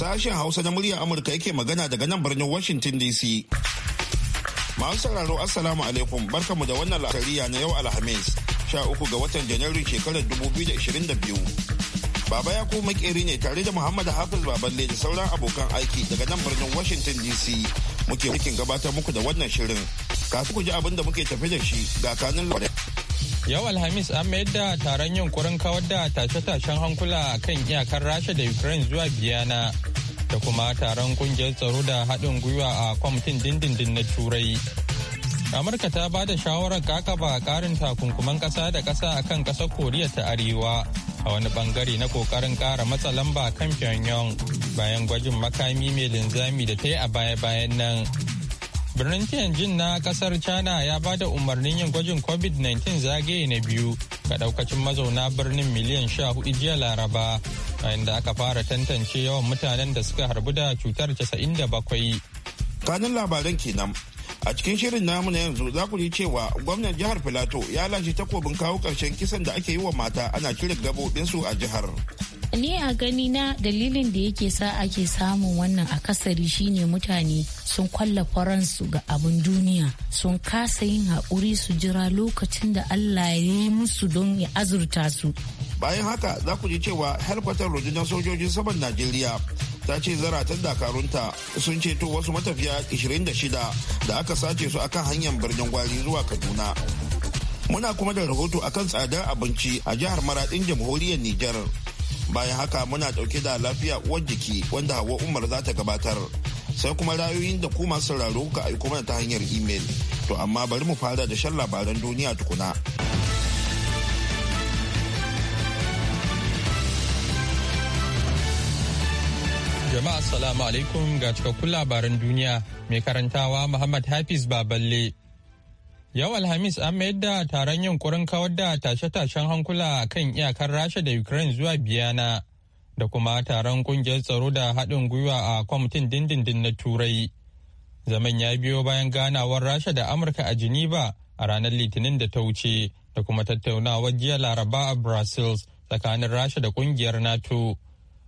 Sashen Hausa na muryar Amurka yake magana daga nan birnin Washington DC. Masu sauraro Assalamu alaikum barkamu da wannan la'asariya na yau Alhamis, sha uku ga watan Janairu shekarar biyu. Baba ya kuma makeri ne tare da Muhammad Hafiz Baballe da sauran abokan aiki daga nan birnin Washington DC muke cikin gabatar muku da wannan shirin. Kafin ku ji abin da muke tafi da shi ga kanin Yau Alhamis an mayar da taron yunkurin kawar da tashe-tashen hankula kan iyakar Rasha da Ukraine zuwa Biyana da kuma taron kungiyar tsaro da haɗin gwiwa a kwamitin dindindin na turai amurka ta ba da shawarar kakaba karin takunkuman ƙasa da ƙasa a kan ƙasar koriya ta arewa a wani bangare na ƙoƙarin ƙara matsa lamba kan pyongyang bayan gwajin makami mai linzami da ta yi a baya-bayan nan birnin tianjin na kasar china ya ba da umarnin yin gwajin covid-19 zagaye na biyu ga daukacin mazauna birnin miliyan sha hudu jiya laraba bayan da aka fara tantance yawan mutanen da suka harbu da cutar 97 kanin labaran kenan a cikin shirin namu na yanzu za ku ji cewa gwamnan jihar filato ya lashe takobin kawo karshen kisan da ake yi wa mata ana cire gabobinsu a jihar ni a gani na dalilin da yake sa ake samun wannan akasari shine mutane sun kwalla faransu ga abin duniya sun kasa yin haƙuri su jira lokacin da Allah ya yi musu don ya azurta su. Bayan haka za ku ji cewa helkwatar rundunar sojojin saman Najeriya ta ce zaratan dakarunta sun ceto wasu matafiya 26 da aka sace su akan hanyar birnin gwari zuwa Kaduna. Muna kuma da rahoto akan tsadar abinci a jihar Maradin jamhuriyar Nijar. bayan haka muna ɗauke da lafiya uwar jiki wanda hawa umar za ta gabatar sai kuma rayoyin da ku masu sauraro ka aiko mana ta hanyar imel to amma bari mu fara da shan labaran duniya tukuna jama'a assalamu alaikum ga cikakkun labaran duniya mai karantawa muhammad hafiz baballe Yau Alhamis an mayar da taron yunkurin kawar da tashe-tashen hankula kan iyakar Rasha da Ukraine zuwa Biyana da kuma taron kungiyar tsaro da haɗin gwiwa a kwamitin dindindin na Turai. Zaman ya biyo bayan ganawar Rasha da Amurka a Geneva a ranar Litinin da ta wuce da kuma tattaunawar jiya Laraba a Brussels tsakanin Rasha da kungiyar NATO.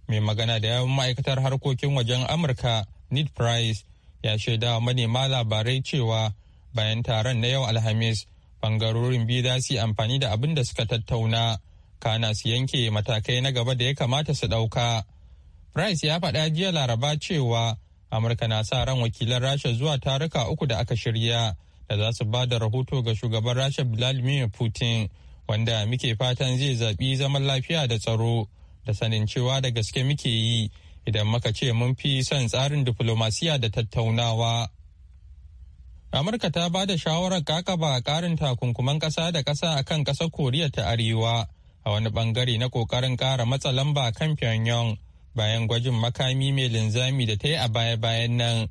Mai magana da yawan ma'aikatar harkokin wajen Amurka, Ned Price, ya shaida manema labarai cewa bayan taron na yau alhamis bangarorin biyu za su yi amfani da abin da suka tattauna kana su yanke matakai na gaba da ya kamata su ɗauka price ya faɗa jiya laraba cewa amurka na sa ran wakilan rasha zuwa taruka uku da aka shirya da za su ba da rahoto ga shugaban rasha vladimir putin wanda muke fatan zai zaɓi zaman lafiya da tsaro da sanin cewa da gaske muke yi idan muka ce mun fi son tsarin diflomasiya da tattaunawa Amurka ta ba da shawarar kakaba karin takunkuman ƙasa da ƙasa a kan ƙasar Koriya ta Arewa a wani bangare na ƙoƙarin ƙara matsa lamba kan Pyongyang bayan gwajin makami mai linzami da ta yi a baya-bayan nan.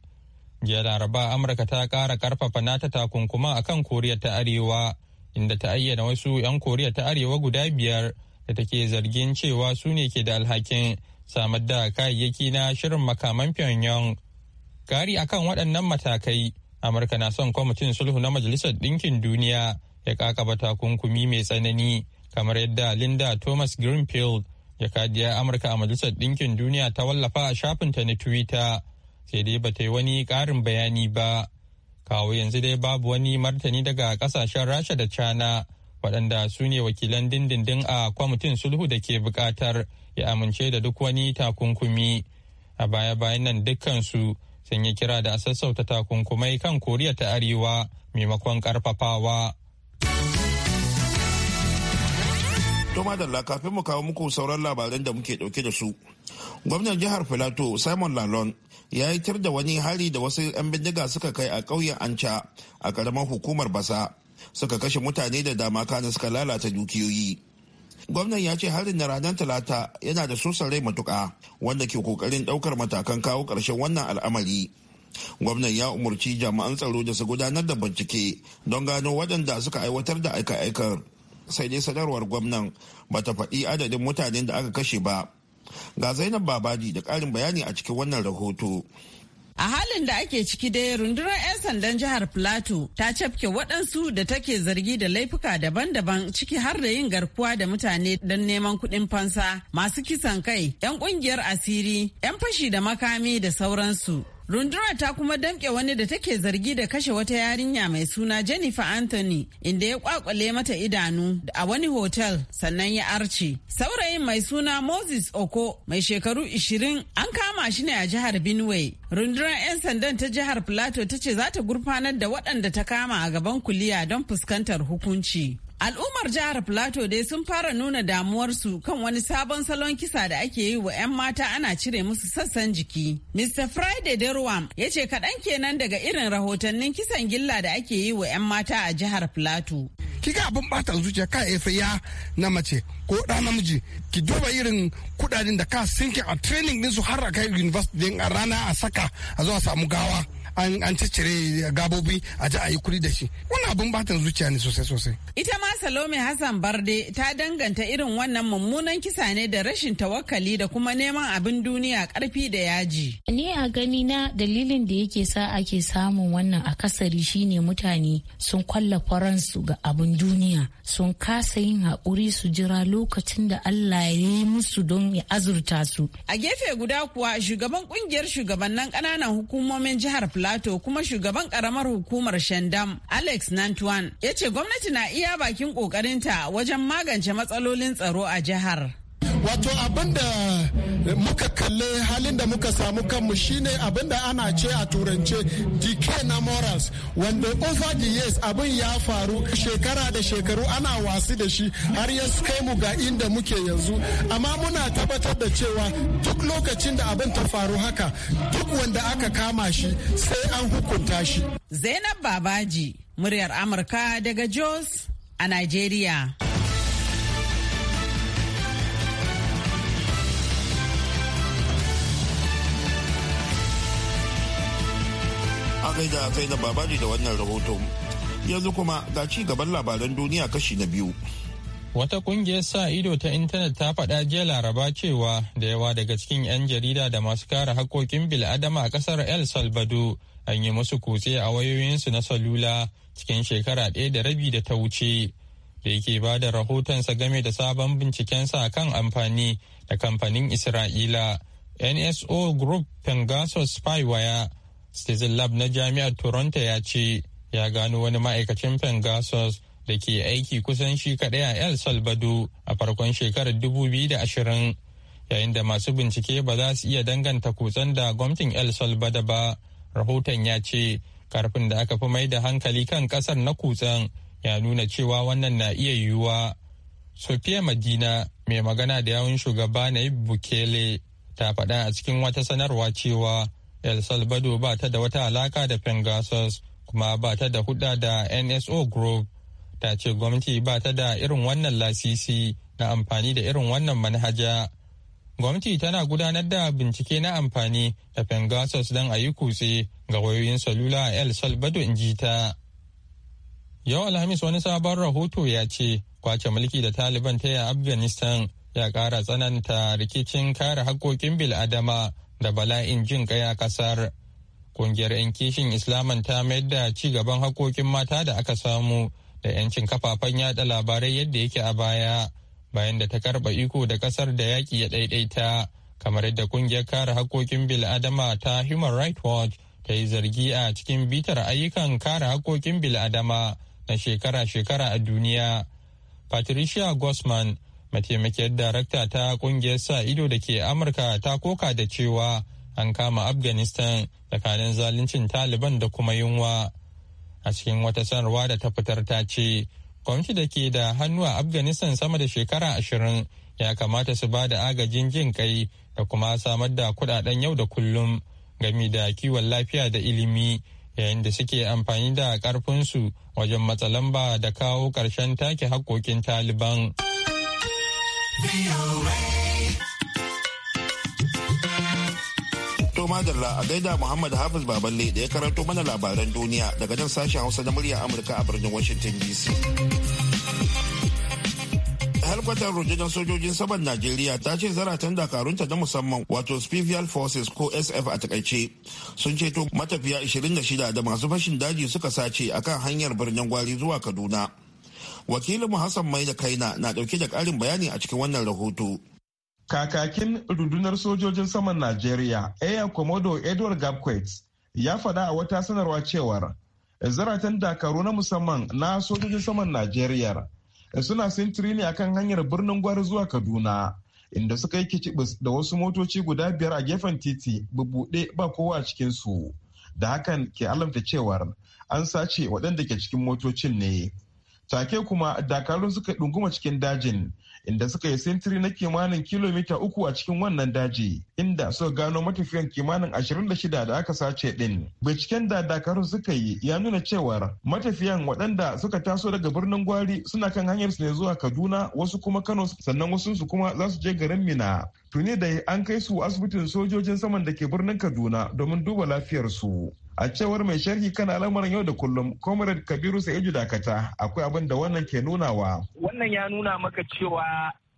Jiya Laraba Amurka ta ƙara ƙarfafa nata takunkuma a kan Koriya ta Arewa inda ta ayyana wasu 'yan Koriya ta Arewa guda biyar da take zargin cewa su ne ke da alhakin samar da kayayyaki na shirin makaman Pyongyang. Kari akan waɗannan matakai amurka na son kwamitin sulhu na majalisar ɗinkin duniya ya kakaba takunkumi mai tsanani kamar yadda linda thomas greenfield ya kajiya amurka a majalisar ɗinkin duniya ta wallafa a shafinta na twitter sai dai bata yi wani ƙarin bayani ba kawo yanzu dai babu wani martani daga ƙasashen rasha da china waɗanda su ne wakilan dindindin a kwamitin sulhu da ke buƙatar ya amince da duk wani takunkumi a baya-bayan nan dukkansu sun yi kira da a sassauta takunkumai kan koriya ta arewa maimakon karfafawa To da kafin mu kawo muku sauran labaran da muke dauke da su. Gwamnan jihar Filato Simon Lalon ya yi tar da wani hari da wasu 'yan bindiga suka kai a ƙauyen Anca a ƙaramar hukumar Basa suka kashe mutane da dama kana suka lalata dukiyoyi. gwamnan ya ce harin na ranar talata yana da sosan rai matuka wanda ke kokarin daukar matakan kawo karshen wannan al'amari gwamnan ya umarci jami'an tsaro da su gudanar da bincike don gano waɗanda suka aiwatar da aika-aikar sai dai sanarwar gwamnan ba ta faɗi adadin mutanen da aka kashe ba ga zainab babaji da ƙarin bayani a cikin wannan rahoto A halin da ake ciki dai rundunar 'yan sandan jihar Plateau ta cafke waɗansu da take zargi da laifuka daban-daban ciki har da yin garkuwa da mutane don neman kuɗin fansa masu kisan kai, 'yan ƙungiyar asiri, 'yan fashi da makami da sauransu. Rundunar ta kuma damƙe wani da take zargi da kashe wata yarinya mai suna Jennifer Anthony inda ya kwakwale mata idanu a wani hotel sannan ya arce. Saurayin mai suna Moses Oko mai shekaru 20 an kama shi ne a jihar Benue. Rundunar 'yan sandan ta jihar Plateau ta ce za ta gurfanar da waɗanda ta kama a gaban kuliya don fuskantar hukunci. Al'ummar jihar Plateau dai sun fara nuna damuwarsu kan wani sabon salon kisa da ake yi wa 'yan mata ana cire musu sassan jiki. Mr. Friday Derwam ya ce kaɗan kenan daga irin rahotannin kisan gilla da ake yi wa 'yan mata a jihar Plateau. Kika abin ɓatan zuciya ka efe ya na mace ko ɗa namiji ki duba irin kuɗaɗen da ka sinkin a training ɗinsu har a kai university a rana a saka a zo a samu gawa. an ciccire gabobi a ji a yi da shi wani abin batan zuciya ne sosai sosai. ita ma salome hassan barde ta danganta irin wannan mummunan kisa ne da rashin tawakali da kuma neman abin duniya karfi da yaji. ni a gani na dalilin da yake sa ake samun wannan akasari shine mutane sun kwalla faransu ga abin duniya sun kasa yin haƙuri su jira lokacin da allah ya yi musu don ya azurta su. a gefe guda kuwa shugaban kungiyar shugabannin ƙananan hukumomin jihar Plateau kuma shugaban karamar hukumar Shandam Alex Nantuan ya ce gwamnati na iya bakin kokarinta wajen magance matsalolin tsaro a jihar. wato abinda muka kalle halin da muka samu kanmu shine abinda ana ce a turance decay na morals wanda over the years abin ya faru shekara da shekaru ana wasu da shi har ya kai mu ga inda muke yanzu amma muna tabbatar da cewa duk lokacin da abin ta faru haka duk wanda aka kama shi sai an hukunta shi zainab babaji muryar amurka daga jos a nigeria kai zainab babaji da wannan rahoton yanzu kuma ga ci gaban labaran duniya kashi na biyu wata kungiyar sa ido ta intanet ta faɗa jiya laraba cewa da yawa daga cikin 'yan jarida da masu kare haƙƙoƙin bil'adama a ƙasar el salvador an yi musu kutse a wayoyinsu na salula cikin shekara ɗaya da rabi da ta wuce da yake ba da rahotonsa game da sabon bincikensa kan amfani da kamfanin isra'ila nso group pengasus spyware Stazin Lab na Jami'ar Toronto ya ce ya gano wani ma'aikacin Pengasus da ke aiki kusan shi kaɗai a El Salvador a farkon shekarar 2020 yayin da masu bincike ba za su iya danganta kutsen da gwamnatin El Salvador ba. Rahoton ya ce karfin da aka fi mai da hankali kan ƙasar na kutsen ya nuna cewa wannan na iya yiwuwa. Sofia Madina mai magana da yawun shugaba na Bukele ta faɗa a cikin wata sanarwa cewa el salvador ba ta da wata alaka da pengasus kuma ba ta da huda da nso group ta ce gwamnati ba ta da irin wannan lasisi na amfani da irin wannan manhaja gwamnati tana gudanar da bincike na amfani da pengasus don a yi kutse ga wayoyin salula a el salvador in ji ta yau alhamis wani sabon rahoto ya ce kwace mulki da taliban ta yi afghanistan ya kara tsananta rikicin kare haƙƙoƙin bil'adama da bala'in jin ƙaya kasar. Ƙungiyar 'yan kishin Islaman ta mayar da ci gaban hakokin mata da aka samu da 'yancin kafafen yada labarai yadda yake a baya bayan da ta karɓa iko da ƙasar da yaƙi ya ɗaiɗaita kamar yadda ƙungiyar kare bil adama ta Human Rights Watch ta yi zargi a cikin bitar ayyukan kare bil adama. na shekara-shekara a duniya. Patricia Gosman mataimakiyar darakta ta kungiyar sa ido da ke amurka ta koka da cewa an kama afghanistan tsakanin zaluncin taliban da kuma yunwa a cikin wata sanarwa da ta fitar ta ce kwamiti da ke da hannu a afghanistan sama da shekara ashirin ya kamata su ba da agajin jin kai da kuma samar da kuɗaɗen yau da kullum gami da kiwon lafiya da ilimi yayin da suke amfani da karfinsu wajen matsalamba da kawo ƙarshen take haƙƙoƙin taliban. To madalla a gaida Muhammad Hafiz Baballe da ya karanto mana labaran duniya daga nan sashen Hausa na murya Amurka a birnin Washington DC. halkwatar rundunar sojojin saman najeriya ta ce zaratan dakarunta na musamman wato special forces ko sf a takaice sun ceto matafiya 26 da masu fashin daji suka sace akan hanyar birnin gwari zuwa kaduna wakilinmu hassan mai da kaina na dauke da karin bayani a cikin wannan rahoto kakakin rundunar sojojin saman najeriya air commodore edward gabquet ya faɗa a wata sanarwa cewar zaratan dakaru na musamman na sojojin saman najeriya suna sintiri ne akan hanyar birnin gwari zuwa kaduna inda suka yi kicibis da wasu motoci guda biyar a gefen titi bubuɗe ba kowa a cikinsu da hakan ke alamta cewar an sace waɗanda ke cikin motocin ne take kuma dakarun suka ɗunguma cikin dajin inda suka yi sintiri na kimanin kilomita uku a cikin wannan daji inda suka gano matafiyan kimanin 26 da aka sace din binciken da dakarun suka yi ya nuna cewar matafiyan waɗanda suka taso daga birnin gwari suna kan hanyar su ne zuwa kaduna wasu kuma kano sannan wasu su kuma za su je garin mina tuni da an kai su asibitin sojojin saman da ke birnin kaduna domin duba lafiyar su. a cewar mai sharhi kan al'amuran yau da kullum comrade kabiru sa'idu dakata akwai abin da wannan ke nunawa wannan ya nuna maka cewa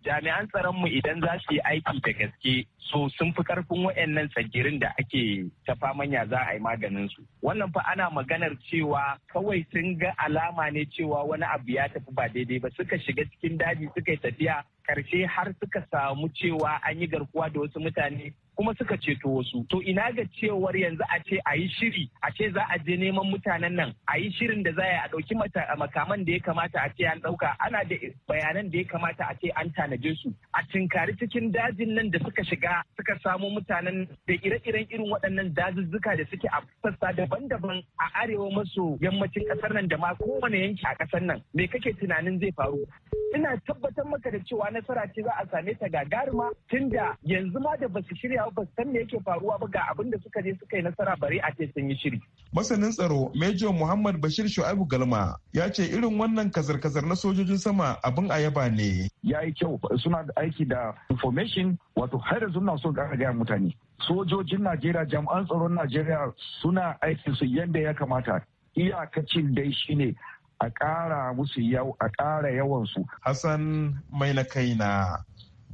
jami'an tsaron mu idan za su yi aiki da gaske so sun fi karfin wayannan tsagirin da ake ta faman za a yi maganin su wannan fa ana maganar cewa kawai sun ga alama ne cewa wani abu ya tafi ba daidai ba suka shiga cikin daji suka yi tafiya karshe har suka samu cewa an yi garkuwa da wasu mutane kuma suka ceto wasu to ina ga cewar yanzu a ce a yi shiri a ce za a je neman mutanen nan a yi shirin da za a ɗauki makaman da ya kamata a ce an ɗauka ana da bayanan da ya kamata a ce an tanaje su a tinkari cikin dajin nan da suka shiga suka samo mutanen da ire-iren irin waɗannan dazuzzuka da suke a sassa daban-daban a arewa maso yammacin ƙasar nan da ma kowane yanki a ƙasar nan me kake tunanin zai faru ina tabbatar maka da cewa nasara ce za a same ta gagaruma tunda yanzu ma da basu shirya dawo ba san me yake faruwa ba ga abin da suka je suka yi nasara bare a ce sun yi shiri. Masanin tsaro Major Muhammad Bashir Shu'aibu Galma ya ce irin wannan kazar-kazar na sojojin sama abin a yaba ne. Ya yi kyau suna aiki da information wato har yanzu na so ga gaya mutane. Sojojin Najeriya jami'an tsaron Najeriya suna aikin su yadda ya kamata. Iyakacin dai shine a ƙara musu yau a ƙara yawansu. Hassan mai kaina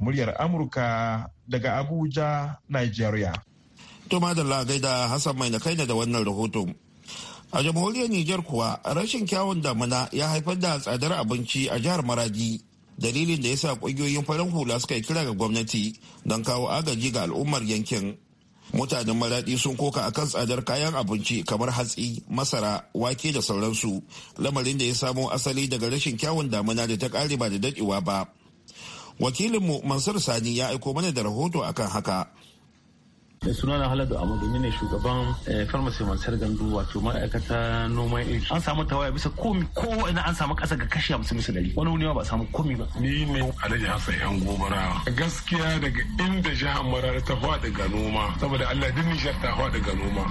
muryar Amurka daga Abuja, Nigeria. To madalla gaida Hassan mai na kai da wannan rahoton. A jamhuriyar Nijar kuwa rashin kyawun damuna ya haifar da tsadar abinci a jihar Maradi. Dalilin da ya sa ƙungiyoyin farin hula suka yi kira ga gwamnati don kawo agaji ga al'ummar yankin. Mutanen maraɗi sun koka akan tsadar kayan abinci kamar hatsi, masara, wake da sauransu. Lamarin da ya samo asali daga rashin kyawun damuna da ta ƙare ba da daɗewa ba. wakilinmu mansur sani ya aiko mana da rahoto akan haka da eh, sunana haladu amadu ne shugaban farmasi eh, mansar gandu wato ma'aikata noman iri an samu tawaya bisa komi ko ina an samu kasa ga kashi hamsin bisa dari wani wuni ba samu komi ba ni ne alhaji hassan yan gobara gaskiya daga inda jihar marar ta faɗi ga noma saboda allah din nijar ta faɗi ga noma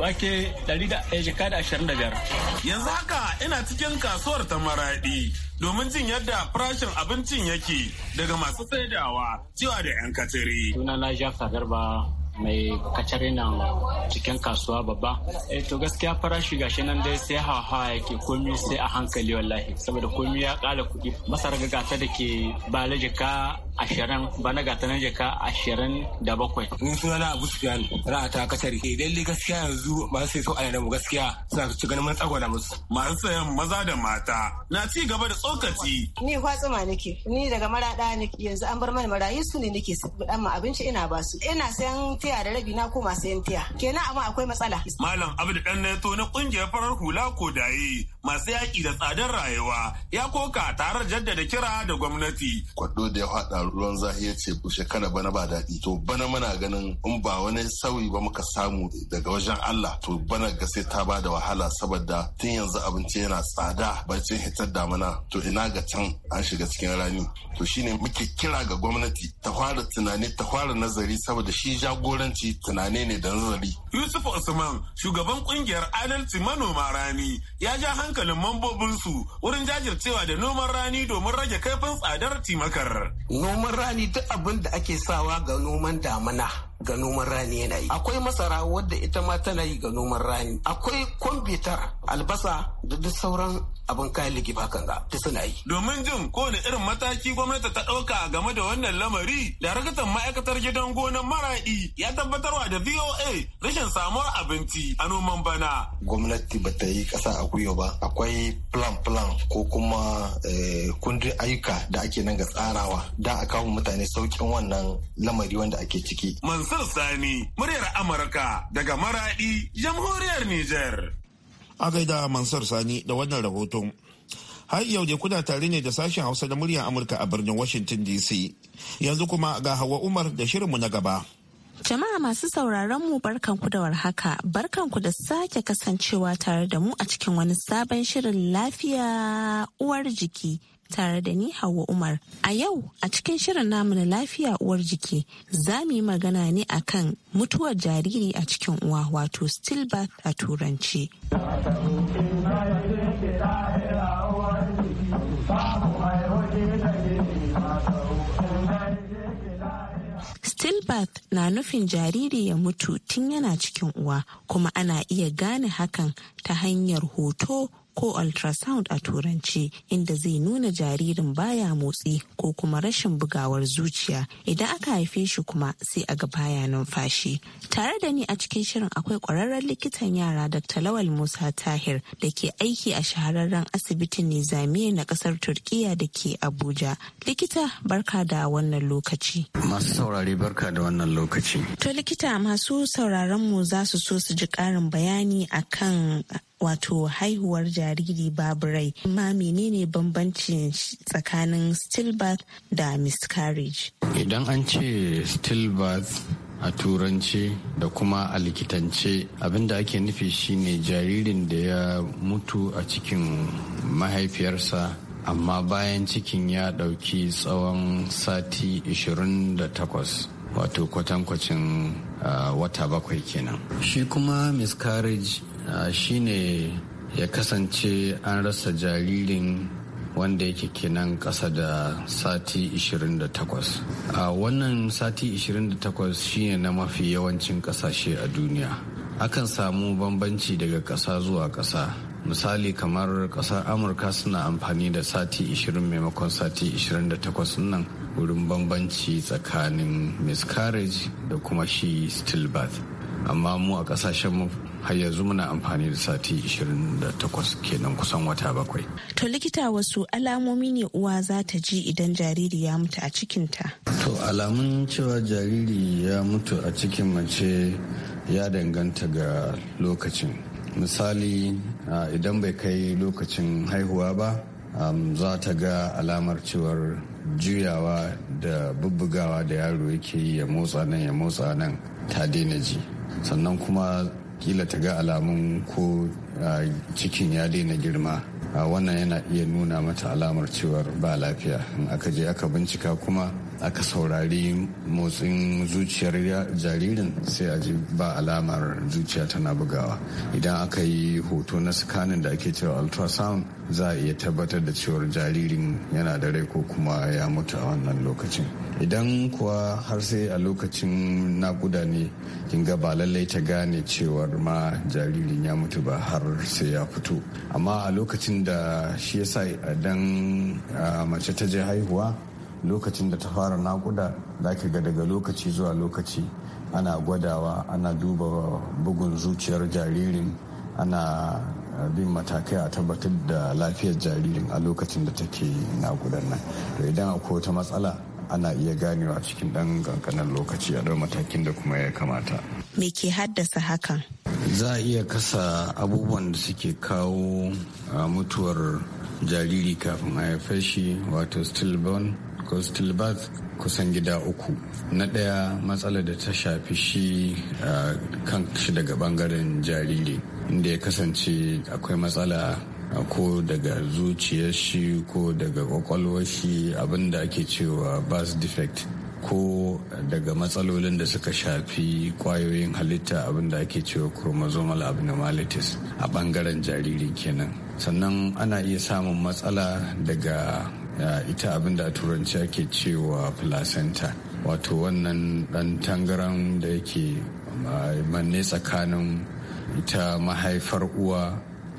wake dari da jika da ashirin da biyar yanzu haka ina cikin kasuwar ta maradi domin jin yadda farashin abincin yake daga masu saidawa cewa da 'yan katiri. na Jafta Garba mai kacare nan cikin kasuwa babba. E to gaskiya farashi gashi nan dai sai hawa yake komi sai a hankali wallahi saboda komi ya kara kudi. Masara gaga ta da ke bala ashirin bana ga ta jaka ashirin da bakwai. Ni suna na Abu Sufyan ra'a ta katari. Idan gaskiya yanzu masu sai sau mu gaskiya suna su ci ganin mun tsagwada musu. Masu sayan maza da mata na ci gaba da tsokaci. Ni kwatsuma nake ni daga maraɗa nake yanzu an bar mana marayu su ne nake dan ma abinci ina ba su. Ina sayan tiya da rabi na koma sayan tiya. Kenan amma akwai matsala. Malam Abdu dan na na kungiyar farar hula ko daye masu yaƙi da tsadar rayuwa ya koka tare jaddada kira da gwamnati. Kwado da ya haɗa ruwan zahiya ce ce shekara bana ba daɗi to bana muna ganin in ba wani sauyi ba muka samu daga wajen Allah to bana ga sai ta ba da wahala saboda tun yanzu abinci yana tsada bacin hitar mana to ina ga can an shiga cikin rani to shine muke kira ga gwamnati ta fara tunani ta fara nazari saboda shi jagoranci tunani ne da nazari. Yusuf Usman shugaban kungiyar adalci manoma rani ya ja hankali hankalin mambobinsu wurin jajircewa da noman rani domin rage kaifin tsadar timakar. Noman rani duk abin da ake sawa ga noman damuna, ga noman rani yana yi akwai masara wadda ita ma tana yi ga noman rani akwai kwamfutar albasa da duk sauran abin kayan likifa kan ga ta suna yi. Domin jin kowane irin mataki gwamnati ta ɗauka game da wannan lamari, daraktan ma'aikatar gidan gonan maraɗi ya tabbatarwa da VOA rashin samuwar abinci a noman bana. Gwamnati ba ta yi ƙasa a gwiwa ba, akwai plan plan ko kuma eh, kundin ayyuka da ake nan ga tsarawa da a kawo mutane sauƙin wannan lamari wanda ake ciki. Mansur Sani, muryar Amurka daga maraɗi, jamhuriyar Nijar. a gaida mansar sani da wannan rahoton har yau dai kuna tare ne da sashen hausa da muryar amurka a birnin washington dc yanzu kuma ga hawa umar da shirinmu na gaba Jama'a masu sauraron mu barkanku da warhaka, barkanku da sake kasancewa tare da mu a cikin wani sabon shirin lafiya uwar jiki tare da ni Hauwa Umar. A yau a cikin shirin namu na lafiya uwar jiki za mu yi magana ne akan mutuwar jariri a cikin uwa wato stillbirth a turanci. Stillbirth na nufin jariri ya mutu tun yana cikin uwa kuma ana iya gane hakan ta hanyar hoto ko ultrasound a turanci inda zai nuna jaririn baya motsi ko kuma rashin bugawar zuciya idan aka haife shi kuma sai a ga baya numfashi. Tare da ni a cikin shirin akwai kwararren likitan yara Dr. Lawal Musa Tahir da ke aiki a shahararren asibitin Nizamiya na kasar Turkiya da ke Abuja. Likita barka da wannan lokaci. Masu saurare barka da wannan lokaci. To likita masu sauraron mu za su so su ji ƙarin bayani akan wato haihuwar jariri babu rai ma menene bambancin tsakanin stillbirth da miscarriage idan an ce stillbirth a turance da kuma a likitance abinda ake nufi shine jaririn da ya mutu a cikin mahaifiyarsa amma bayan cikin ya ɗauki tsawon sati 28 wato kwatankwacin uh, wata bakwai kenan shi kuma miscarriage Ah, shine ya kasance an rasa jaririn wanda yake kenan kasa da sati 28 a ah, wannan sati 28 shine na mafi yawancin kasashe a duniya akan samu bambanci daga kasa zuwa kasa misali kamar kasar amurka suna amfani da sati 20 maimakon sati 28 nan wurin bambanci tsakanin miscarriage da kuma shi stillbirth amma mu a kasashen har yanzu muna amfani da sati 28 kenan kusan wata bakwai. To likita wasu alamomi ne uwa za ta ji idan jariri ya mutu a cikinta? To alamun cewa jariri ya mutu a cikin mace ya danganta ga lokacin. Misali idan bai kai lokacin haihuwa ba, za ta ga alamar cewar juyawa da bubbugawa da yaro yake yi ya motsa nan ya motsa nan ta daina ji. Sannan kuma kila ta ga alamun ko cikin ya daina girma wannan yana iya nuna mata alamar cewar ba lafiya in aka je aka bincika kuma aka saurari motsin zuciyar jaririn sai a ji ba alamar zuciya tana bugawa idan aka yi hoto na sikanin da ake cewa ultrasound za a iya tabbatar da cewar jaririn yana da rai ko kuma ya mutu a wannan lokacin idan kuwa har sai a lokacin nakuda ne kinga ba lallai ta gane cewar ma jaririn ya mutu ba har sai ya fito amma a lokacin da shi ya yasa idan ah, mace ta je haihuwa lokacin da ta fara nakuda za ka ga daga lokaci zuwa lokaci ana gwadawa ana duba bugun zuciyar jaririn ana bin matakai a tabbatar da lafiyar jaririn a lokacin da take nakudan nan to idan akwai wata matsala ana iya ganewa cikin ɗan kankanin lokaci a dau matakin da kuma ya kamata me ke haddasa haka za a iya kasa abubuwan da suke kawo ah, mutuwar jariri kafin a haife shi wato stillborn because kusan gida uku na ɗaya matsala da ta shafi shi kan shi daga bangaren jariri inda ya kasance akwai matsala ko daga zuciyar shi ko daga kwakwalwar shi abinda ake cewa bas defect ko daga matsalolin da suka shafi ƙwayoyin halitta abinda ake cewa chromosomal abnormalities a bangaren jariri kenan sannan ana iya samun matsala daga ita abin da turanci ake cewa placenta wato wannan dan tangaran da yake ah, manne tsakanin ita mahaifar uwa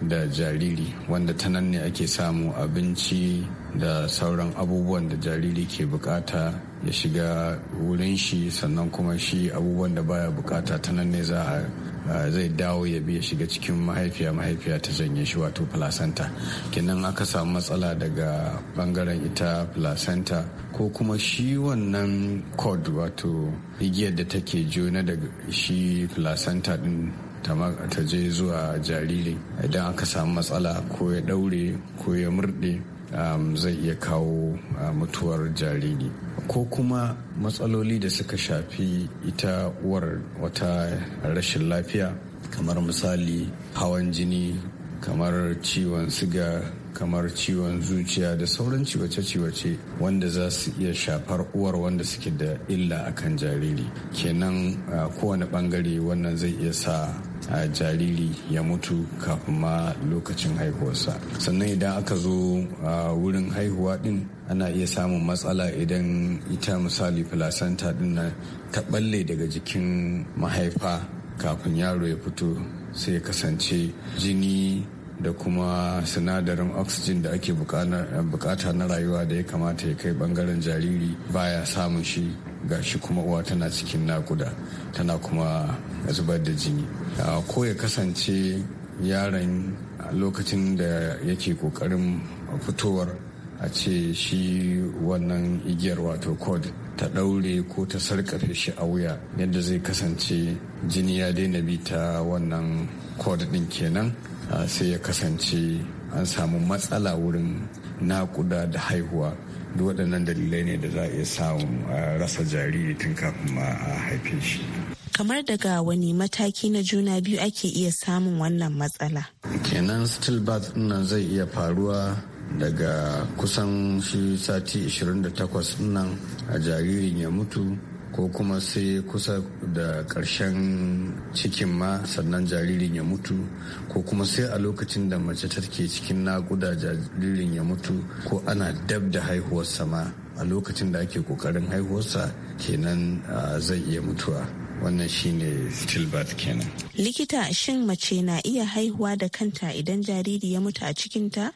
da jariri wanda ta nan ne ake samu abinci da sauran abubuwan da jariri ke bukata ya shiga wurin shi sannan kuma shi abubuwan da baya bukata ta nan ne za a Ah, zai dawo ya biya shiga cikin mahaifiya mahaifiya ta janye shi wato placenta kenan aka samu matsala daga bangaren ita placenta ko kuma shi wannan cord wato igiyar da take jona daga shi placenta din ta je zuwa jariri idan aka samu matsala ko ya daure ko ya murde. Um, zai iya kawo uh, mutuwar jariri ko kuma matsaloli da suka shafi ita uwar wata rashin lafiya kamar misali hawan jini kamar ciwon siga kamar ciwon zuciya da sauran ciwace-ciwace wanda za su iya shafar uwar wanda suke da illa akan jariri kenan kowane bangare wannan zai iya sa a jariri ya mutu kafin ma lokacin haihuwarsa sannan idan aka zo a wurin haihuwa din ana iya samun matsala idan ita misali filasanta din na ta balle daga jikin mahaifa kafin yaro ya fito sai ya kasance jini da kuma sinadarin oxygen da ake bukata na rayuwa da ya kamata ya kai bangaren jariri baya samun shi ga shi kuma uwa tana cikin nakuda tana kuma zubar da jini ko ya kasance yaron lokacin da yake kokarin fitowar a ce shi wannan igiyar wato cord ta ɗaure ko ta sarƙafe shi a wuya yadda zai kasance jini ya daina bi ta wannan cord din kenan Ah, sai ya kasance an samu matsala wurin naƙuda da haihuwa duk waɗannan dalilai ne da za a iya samun ah, rasa jariri tun kafin ma a haife shi kamar daga wani mataki na juna biyu ake iya samun wannan matsala kenan stillbirth nan zai iya faruwa daga kusan shi sati 28 nan a jaririn ya mutu ko kuma sai kusa da ƙarshen cikin ma sannan jaririn ya mutu ko kuma sai a lokacin da mace take cikin naƙuda jaririn ya mutu ko ana dab da haihuwarsa ma a lokacin da ake ƙoƙarin haihuwarsa kenan zai iya mutuwa wannan shine stillbirth kenan likita shin mace na iya haihuwa da kanta idan jariri ya mutu a cikinta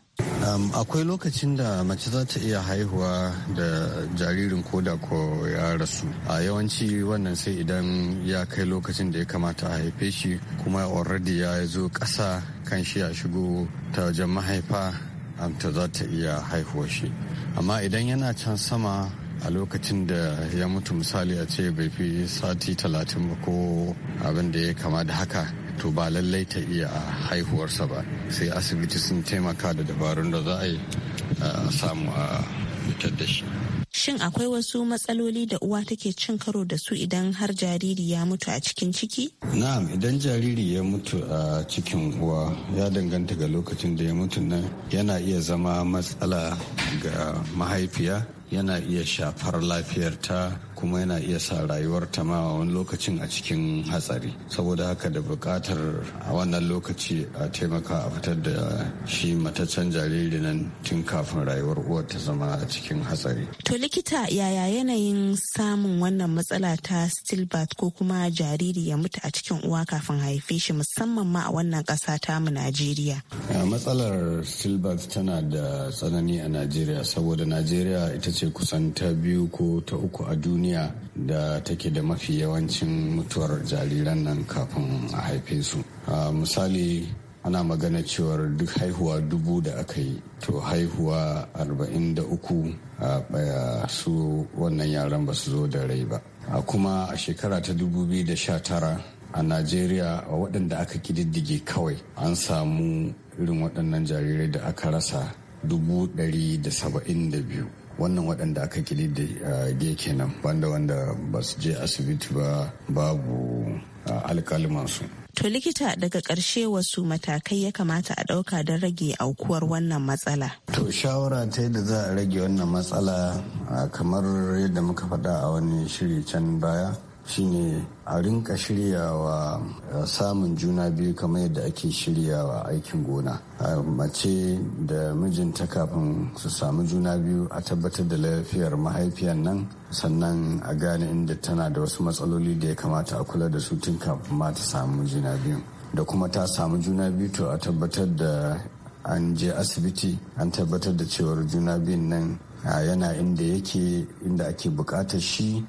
akwai lokacin da mace za ta iya haihuwa da jaririn koda ko ya rasu a yawanci wannan sai idan ya kai lokacin da ya kamata a haife shi kuma already ya zo ƙasa kan shi ya shigo ta wajen mahaifa ta za ta iya haihuwa shi amma idan yana can sama a lokacin da ya mutu misali a ce bai fi sati talatin ba ko abin da ya kama da haka to ba lallai ta iya a haihuwarsa ba sai asibiti sun taimaka da dabarun da za a yi samu a fitar da shi shin akwai wasu matsaloli da uwa take cin karo da su idan har jariri ya mutu a cikin ciki? na'am idan jariri ya mutu a cikin uwa ya danganta ga lokacin da ya mutu nan yana iya zama matsala ga mahaifiya yana iya shafar lafiyarta kuma yana iya sa rayuwar ta ma wani lokacin a cikin hatsari saboda haka da buƙatar a wannan lokaci a taimaka a fitar da shi mataccen jariri nan tun kafin rayuwar uwar ta zama a cikin hatsari. To likita yaya yanayin samun wannan matsala ta stillbirth ko kuma jariri ya mutu a cikin uwa kafin haife shi musamman ma a wannan ƙasa ta mu Najeriya? Matsalar stillbirth tana da tsanani a Najeriya saboda Najeriya ita ce kusan ta biyu ko ta uku a duniya duniya da take da mafi yawancin mutuwar jariran nan kafin a haife su misali ana magana cewar duk haihuwa dubu da aka yi to haihuwa arba'in da uku a baya su wannan yaran ba su zo da rai ba a kuma a shekara ta dubu biyu da sha tara a najeriya a waɗanda aka kididdige kawai an samu irin waɗannan jarirai da aka rasa dubu da da saba'in biyu. wannan waɗanda aka kili da ah, kenan banda wanda ba su je asibiti ba babu ah, alkalimansu To likita daga ƙarshe wasu matakai ya kamata a ɗauka don rage aukuwar wannan matsala. To shawara ta yadda za a rage wannan matsala ah, kamar yadda muka faɗa a wani shiri can baya shine a rinka shiryawa eh, samun juna biyu kamar yadda ake shiryawa aikin gona eh, mace da mijinta kafin su samu juna biyu a tabbatar da lafiyar mahaifiyar nan sannan a gane inda tana da wasu matsaloli da ya kamata a kula da su tun kafin ma ta samu juna biyu da kuma ta samu juna biyu to a tabbatar da an je asibiti an tabbatar da cewar juna biyun nan yana inda yake inda ake bukatar shi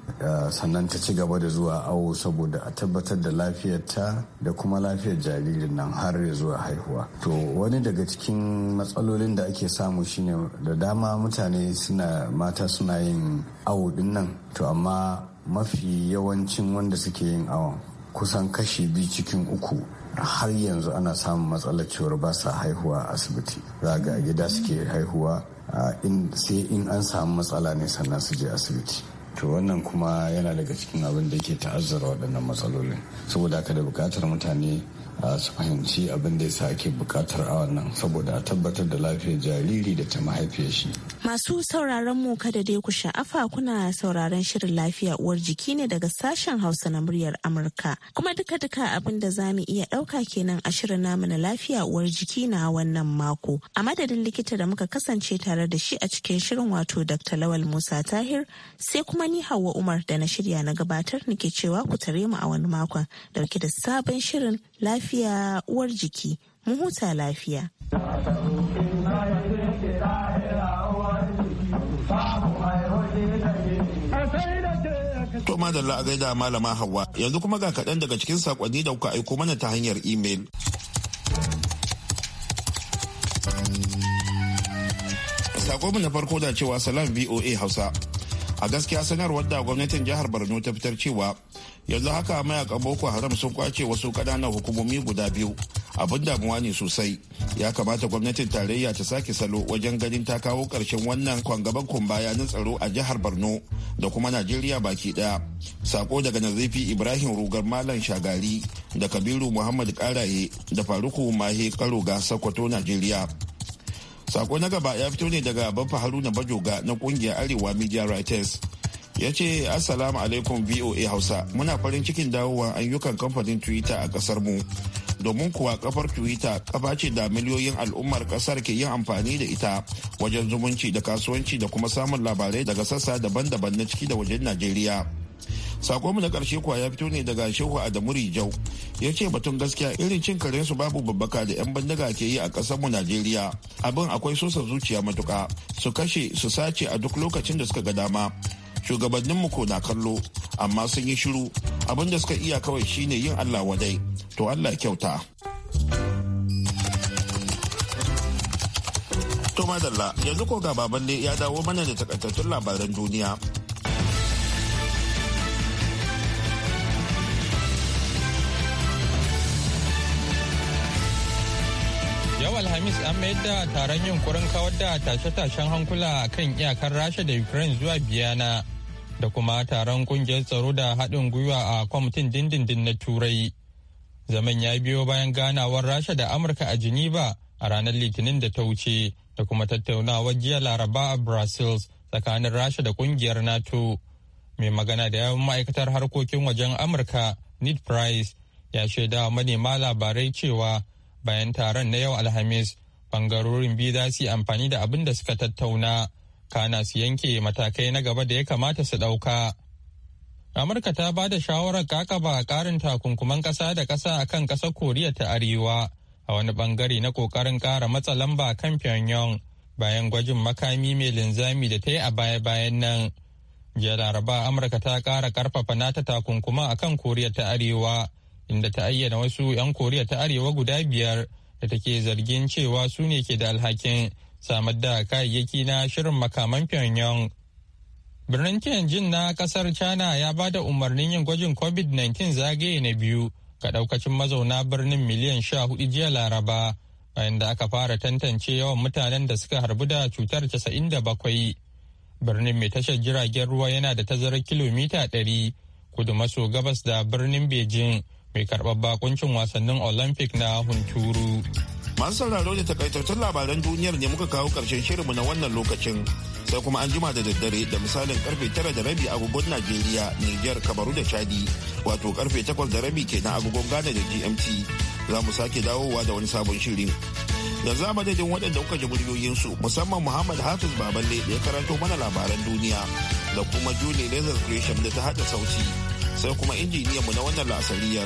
sannan ta ci gaba da zuwa awo saboda a tabbatar da lafiyarta da kuma lafiyar jaririn nan har ya zuwa haihuwa to wani daga cikin matsalolin da ake samu shine da dama mutane suna mata suna yin awo din nan to amma mafi yawancin wanda suke yin awon kusan kashi biyu cikin uku har yanzu ana samun matsalar cewar ba sa haihuwa a asibiti za ga gida suke haihuwa sai in an samu matsala ne sannan su je asibiti to wannan kuma yana daga cikin abin da ke ta'azzara waɗannan matsalolin saboda haka da buƙatar mutane su fahimci abin da ya sa ake buƙatar a wannan saboda a tabbatar da lafiyar jariri da ta mahaifiyar shi Masu sauraron mu kada dai ku sha'afa kuna sauraron shirin lafiya uwar jiki ne daga sashen Hausa na muryar Amurka. Kuma duka-duka abin da za mu iya ɗauka kenan a shirin namu na lafiya uwar jiki na wannan mako. A madadin likita da muka kasance tare da shi a cikin shirin wato Dr. Lawal Musa Tahir sai kuma ni Hauwa Umar da na shirya na gabatar nake cewa ku tare mu a wani makon dauke da sabon shirin lafiya uwar jiki. Mu huta lafiya. To madalla a gaida malama Hauwa yanzu kuma ga kaɗan daga cikin sakonni da kuka aiko mana ta hanyar imel. Sakonmu na farko da cewa salam VOA Hausa. A gaskiya sanarwar da gwamnatin jihar Borno ta fitar cewa yanzu haka mayakan Boko Haram sun kwace wasu ƙananan hukumomi guda biyu abin damuwa ne sosai ya kamata gwamnatin tarayya ta sake salo wajen ganin ta kawo ƙarshen wannan kwangaban kumbaya na tsaro a jihar borno da kuma najeriya baki daya sako daga nazifi ibrahim rugar malam shagari da kabiru muhammad karaye da faruku mahe karoga sokoto najeriya sako na gaba ya fito ne daga babba haruna bajoga na kungiyar arewa media writers ya ce assalamu alaikum voa hausa muna farin cikin dawowa ayyukan kamfanin twitter a kasar mu domin kuwa kafar twitter kafa ce da miliyoyin al'ummar kasar ke yin amfani da ita wajen zumunci da kasuwanci da kuma samun labarai daga sassa daban-daban na ciki da wajen najeriya sakonmu na karshe kuwa ya fito ne daga shehu adamu rijau ya ce batun gaskiya irin cin su babu babbaka da 'yan bandaga ke yi a ƙasarmu najeriya abin akwai sosa zuciya matuka su kashe su sace a duk lokacin da suka ga dama shugabanninmu ko na kallo amma sun yi shiru abin da suka iya kawai shine yin allah wadai to allah kyauta to madalla yanzu ko ga ne ya dawo mana da takaitattun labaran duniya alhamis an mayar da taron yunkurin kawar da tashe-tashen hankula a kan iyakar rasha da ukraine zuwa biyana da kuma taron kungiyar tsaro da haɗin gwiwa a kwamitin dindindin na turai zaman ya biyo bayan ganawar rasha da amurka a geneva a ranar litinin da ta wuce da kuma tattaunawar jiya laraba a brussels tsakanin rasha da kungiyar nato mai magana da yawan ma'aikatar harkokin wajen amurka ned price ya shaida manema labarai cewa bayan taron na yau alhamis bangarorin biyu za su yi amfani da abin da suka tattauna kana su yanke matakai na gaba da ya kamata su ɗauka. amurka ta ba da shawarar kakaba karin takunkuman ƙasa da ƙasa a kan ƙasar koriya ta arewa a wani bangare na ƙoƙarin ƙara matsa lamba a kan pyongyang bayan gwajin makami mai linzami da ta yi a baya-bayan nan jiya laraba amurka ta ƙara ƙarfafa nata takunkuma a kan koriya ta arewa inda ta ayyana wasu 'yan koriya ta arewa guda biyar da take zargin cewa su ne ke da alhakin samar da kayayyaki na shirin makaman pyongyang birnin tianjin na kasar china ya ba da umarnin yin gwajin covid-19 zagaye na biyu ga daukacin mazauna birnin miliyan sha hudu jiya laraba bayan da aka fara tantance yawan mutanen da suka harbu da cutar casa'in da bakwai. birnin mai tashar jiragen ruwa yana da tazarar kilomita ɗari kudu maso gabas da birnin beijing mai karɓar bakuncin wasannin olympic na hunturu masu sauraro da takaitattun labaran duniyar ne muka kawo ƙarshen shirinmu na wannan lokacin sai kuma an jima da daddare da misalin karfe tara da rabi agogon najeriya niger kamaru da chadi wato karfe takwas da rabi ke na agogon ghana da gmt za mu sake dawowa da wani sabon shirin da za mu daidai waɗanda kuka ji muryoyinsu musamman muhammad hafiz baballe da ya karanto mana labaran duniya da kuma julie lazar creation da ta haɗa sauti sai kuma injiniyan mu na wannan lasariyar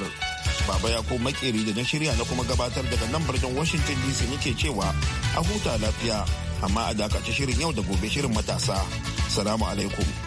baba ya ko makeri da na shirya na kuma gabatar daga nan birnin washington dc nake cewa a huta lafiya amma a dakace shirin yau da gobe shirin matasa salamu alaikum